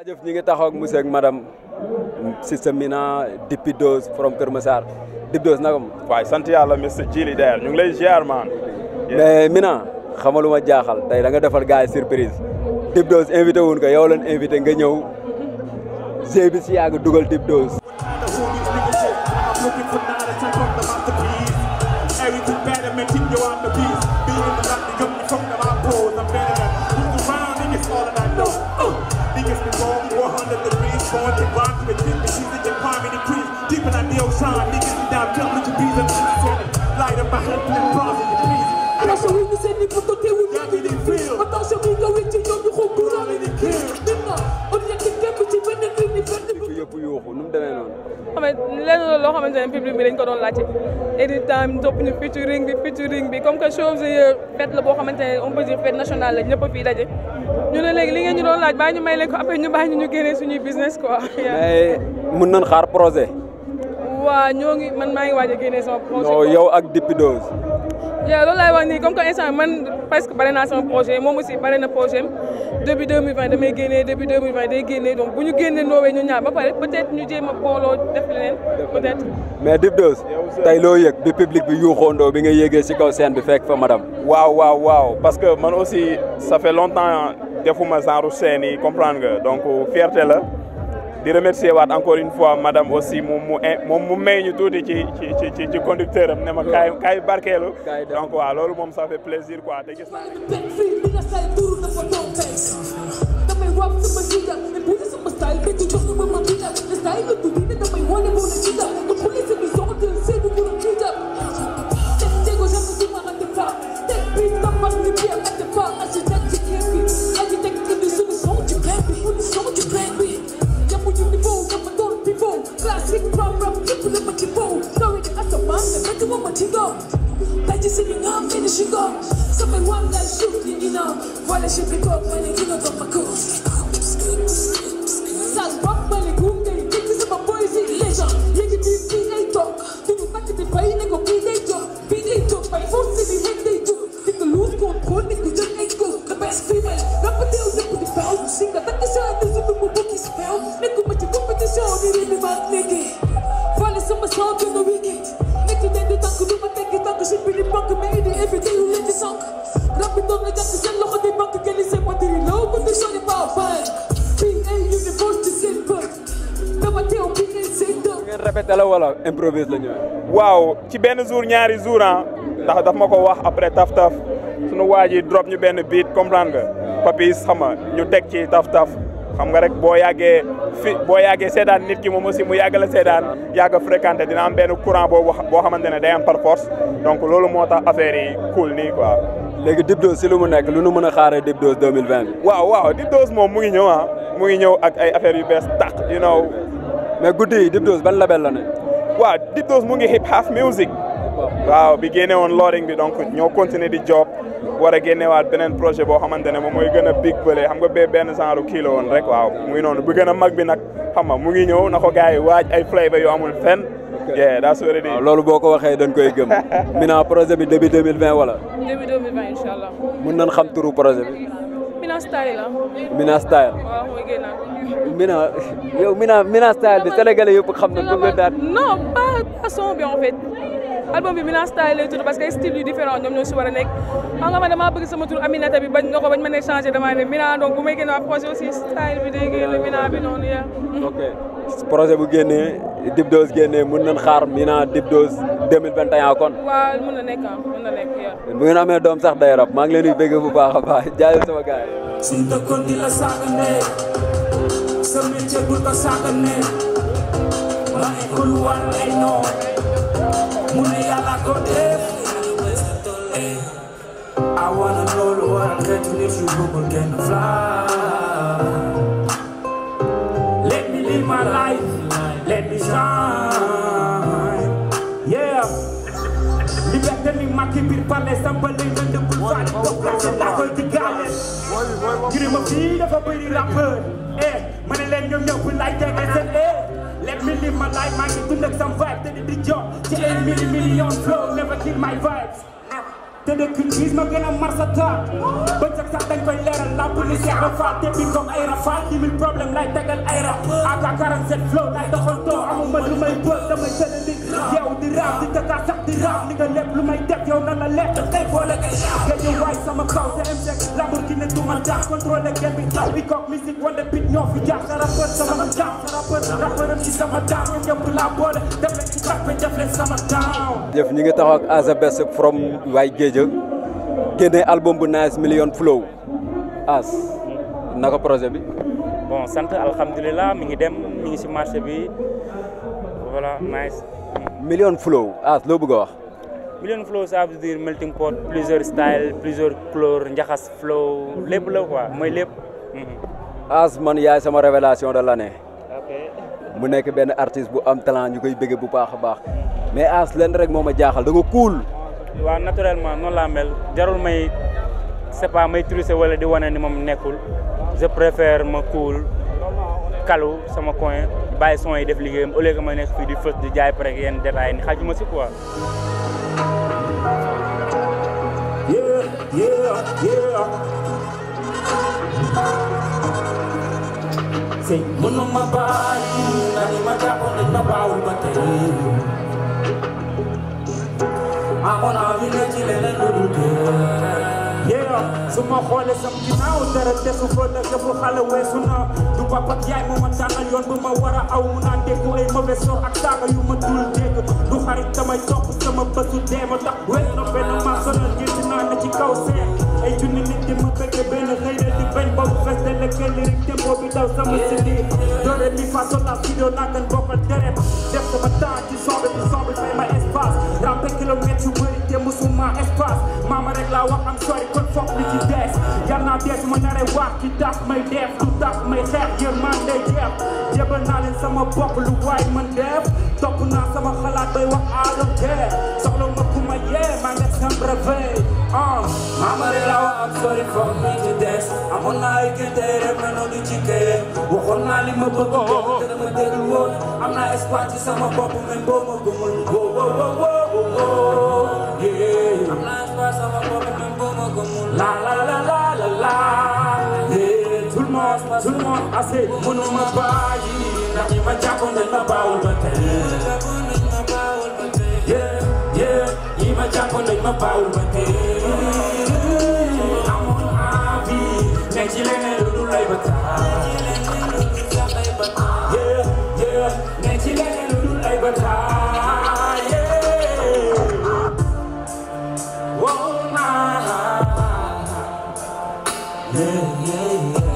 jërëjëf ñu ngi taxaw ak monsieur ak madame Cissé Mina Dippy Dose from Kër Massar Dippy Dose naka moom. sant yàlla monsieur Djili Der ñu ngi lay ziar maan. mais Mina xamalu ma jaaxal tey da nga defal gars yi surprise Dippy Dose invité wuñ ko yow lan invité nga ñëw G bi si yàgg dugal Dippy Dose. yuuxu nu mu demee noonu. xam loolu loo xamante ne public bi dañ ko doon laajte éditant bi topp ñu featuring bi featuring bi comme que chose euh, fête la boo xamante ne on peut dire fête nationale la ñëpp a fii daje. ñu ne léegi li ngeen ñu doon laaj bàyyi ñu may leen ko après ñu bàyyi ñu génnee suñuy business quoi. mais mën nañ xaar projet. waa ñoo ngi man maa ngi waaj a génnee sama projet. non yow ak Dipidose. yaa loolu laay wax nii comme que instant man presque bare naa sama projet moom aussi bare na projet début 2020 damay génnee début 2020 day génnee donc bu ñu génnee noowee ñu ba pare peut-être ñu jéem a booloo def leneen peut-être. mais Dip Doss tey loo yëg bi public bi yuuxoondoo bi ngay yéegee ci kaw scène bi fekk fa madame. waaw waaw waaw parce que man aussi sa fait longtemps defuma genre scène yi comprendre donc fierté la. di remercier waat encore une fois madame aussi moom moom eh, mu may ñu tuuti ci ci ci ci conducteur am ne ma kaay kaay barkeelu donc waaw loolu moom ça fait plaisir quoi te gis naa ne di banque mi ci waaw ci benn jour ñaari jour ah ndax daf ma ko wax après taf taf sunu waa ji drop ñu benn beat comprendre nga papis xam ñu teg ci taf taf. xam nga rek boo yàggee fi boo yàggee seetaan nit ki moom aussi mu yàgg la seetaan yàgg a fréquenté dina am benn courant boobu boo xamante ne day am par force donc loolu moo tax affaire yi cool nii quoi. léegi Dip Doz si lu mu nekk lu nu mën a xaaree Dip Doz 2020 bi. waaw waaw Dip Doz moom mu ngi ñëw ah ñëw ak ay affaires yu bees tax you know. mais guddi yi Dip Doz ban label la ne. waaw Dip Doz mu ngi hip hop music. waaw bi génne woon looring bi donc ñoo continuer di job war a beneen projet boo xamante ne moom mooy gën a big bële xam nga bee benn genre kii woon rek waaw muy noonu bu gën mag bi nag xam nga mu ngi ñëw na ko gars yi waaj ay flavor yu amul fenn yeah daa loolu boo ko waxee dañ koy gëm Mina projet bi début 2020 wala début mun nañ xam turu projet bi Mina style la Mina style Mina yow Mina Mina style bi sénégalais yëpp xam nañ ko nga daat non pas son bi en fait album bi Milan style lay tudd parce que style yu différent ñoom si war nekk xam nga ma damaa bëgg sama tur Aminata bi bañ nga ko bañ ma ne changé damaa ne Milan donc bu may génn waa projet génn bu génnee Dip Doz génnee mun nañ xaar Milan Dip Doz 2021 kon waaw mun na nekk ah mun na nekk yow bu ngeen amee doom sax day rab maa ngi leen di bëgg bu baax a baax jaayal sama gars yi suñ dëkkoon di la saaga sa métier bu ko saaga ne waaye kul war lay noonu mu ne yàlla ko def eh, I wanna know lu waral xeetu nit yu bëggul kenn fly let me live my life let me shine yeah liberté mi màkki biir palais sambale nga dëggul faal ko place laa koy diggaale ngir ma fii dafa bëri rappeur eh ma ne leen ñoom ñëpp lay tegal seen eh let me live my life maa ngi dund ak sam te di di jox Ten milli million flow never kill my vibes te dëkk gis ma gën a marsataat ba jag sax dañ koy leeral la police yi rafaat depuis comme ay rafaat dix mille problème lay tegal ay rap ak 47 flow lay doxantoo amuma lu may bëgg damay tëdd di yow di raam di tëkkaat sax di raam li nga lépp lu may def yow nan la lekk tey boole kay géej waay sama kaw te MZ Lamborghini du ma jaax contrôlé kenn bi tax bi kook musique wante bit ñoo fi jaax rappeur sama jaax rappeur rappeuram ci sama jaax ñëpp laa boole def jëf ñi ngi taxaw ak As The Best from waay Géeja génne album bu nice million flow As naka projet bi. bon sant alhamdulilah mi ngi dem mi ngi si marché bi voilà nice. million flow As loo bëgg a wax. million flow ça veut dire melting pot plusieurs styles plusieurs couleurs njaxas flow lépp la quoi mooy lépp. As man yaay sama révélation de l'année mu nekk benn artiste bu am talent ñu koy bëgg bu baax a baax mais As lenn rek moom ma jaaxal da nga cool. waaw naturellement noonu laa mel jarul may c'est pas may tricher wala di wane ni moom nekkul je préfère ma cool kalu sama coin bàyyi son yi def liggéeyam au lieu que ma nekk fii di fës di jaay pare yenn détails ni xajuma si quoi. sëñ mënu ma bàyyi na li ma jàppoon dañ ma baawul ba tey amoon naa su ma xoolee sam ginnaaw dara desu fa dëkk bu xale weesu na du papa ak yaay moo ma tànnal yoon bu ma war a ak saaga yu ma du xarit damay topp sama bësu ma tax wér ma sonal gis naa ne ci kaw seen ay junni ma bëgge benn xëy ba mu fes de lekk lirik tempo bi daw sama sidi doore mi façon la deret def sama temps ci sombre bi sombre may ma espace rampe kilomètre yu bëri te musuma espace maama rek laa wax foog li ci des yar naa dee su ma naree wax ki tax may def lu tax may xeex yërmande jeex jébal naa leen sama bopp lu waay man def topp naa sama xalaat bay wax aadam dee soxla ma ku ma la la la la la la yee tout le monde tout le monde assez ah, mënuma bàyyi ndax ñi ma jàppoon dañ ma baawul ba tey yee yee ñi ma jàppoon dañ ma baawul ba tey amoon envie ne ci leneen lu dul lay ba taa yee yee ne ci leneen lu dul lay ba taa yee wow naa Yeah, yeah, yeah.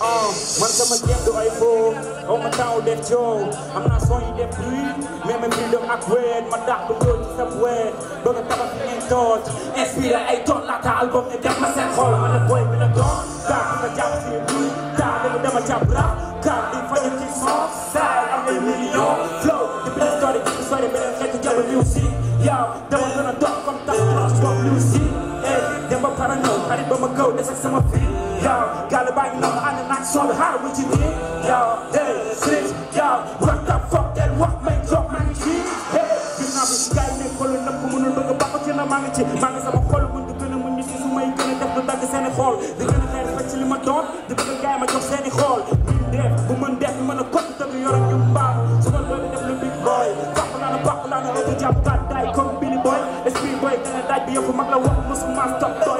oh man sama jéem du ay foo xaw ma taw de coow am naa yi def bruit mais ma mbir dem ak wéet ma dàq ba dóor sab wéet bëgg a tabax fi ngeen tooj inspiré ay tool laata album ne def ma seen xool ma ne booy bi la doon daa fi nga jàpp si bruit daa dama dama jàpp rap kaa di fañu ci son saa am ay million flow di bi story di bi story beneen xeetu jàpp musique yow dama gën a dox comme tax ross comme musique ba ma kaw des ak sama fii Everybody right now, I'm not so high with you, kid. Y'all, hey, six, y'all, what the fuck that what make drop my kid? Hey, you know, this guy, they calling up, come on, look about you, I'm on it. Man, it's a call, when you're gonna win, you see, my gonna get the back, it's in a hall. They're gonna have a actually, my dog, the bigger guy, my job, said it all. Been there, woman, deaf, you wanna cut the you're a new man. So, I'm going to big boy. Papa, I'm a papa, I'm a jump, that guy, come, Billy boy, it's Billy boy, and I'd be up for my love, what's my top boy.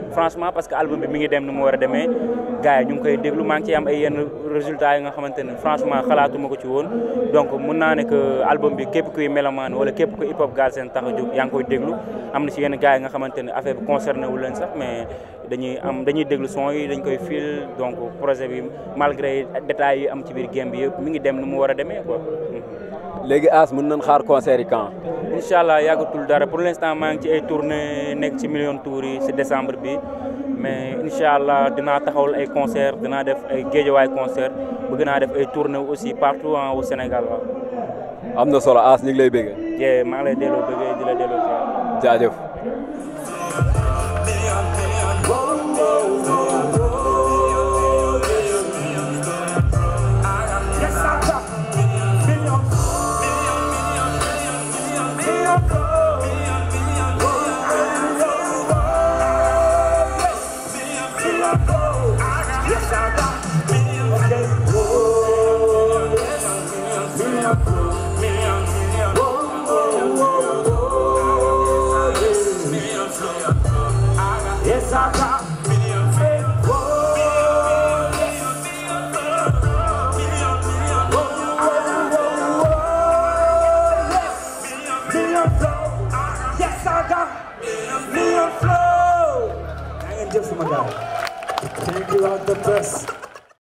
franchement parce que album bi mi ngi dem ni mu war a demee gars yi ñu ngi koy déglu maa ngi ciy am ay yenn résultats yi nga xamante ne franchement xalaatuma ko ci woon donc mun naa ne que album bi képp kuy mélomane wala képp ku hip hop Galsen tax a jóg yaa ngi koy déglu am na si yenn gars yi nga xamante ne affaire bi concerné wu leen sax mais dañuy am dañuy déglu son yi dañ koy fil donc projet bi malgré détails yi am ci biir game bi yëpp mi ngi dem ni mu war a demee quoi léegi As mën nañ xaar concert yi quand. incha allah yàggatul dara pour l' instant maa ngi ci ay tournée nekk ci million tour yi si décembre bi mais incha allah dinaa taxawal ay concert dinaa def ay géejawaay concert bëgg naa def ay tournée aussi partout au Sénégal waaw. am na solo As ñu ngi lay bëgg. jee maa lay delloo bëgg di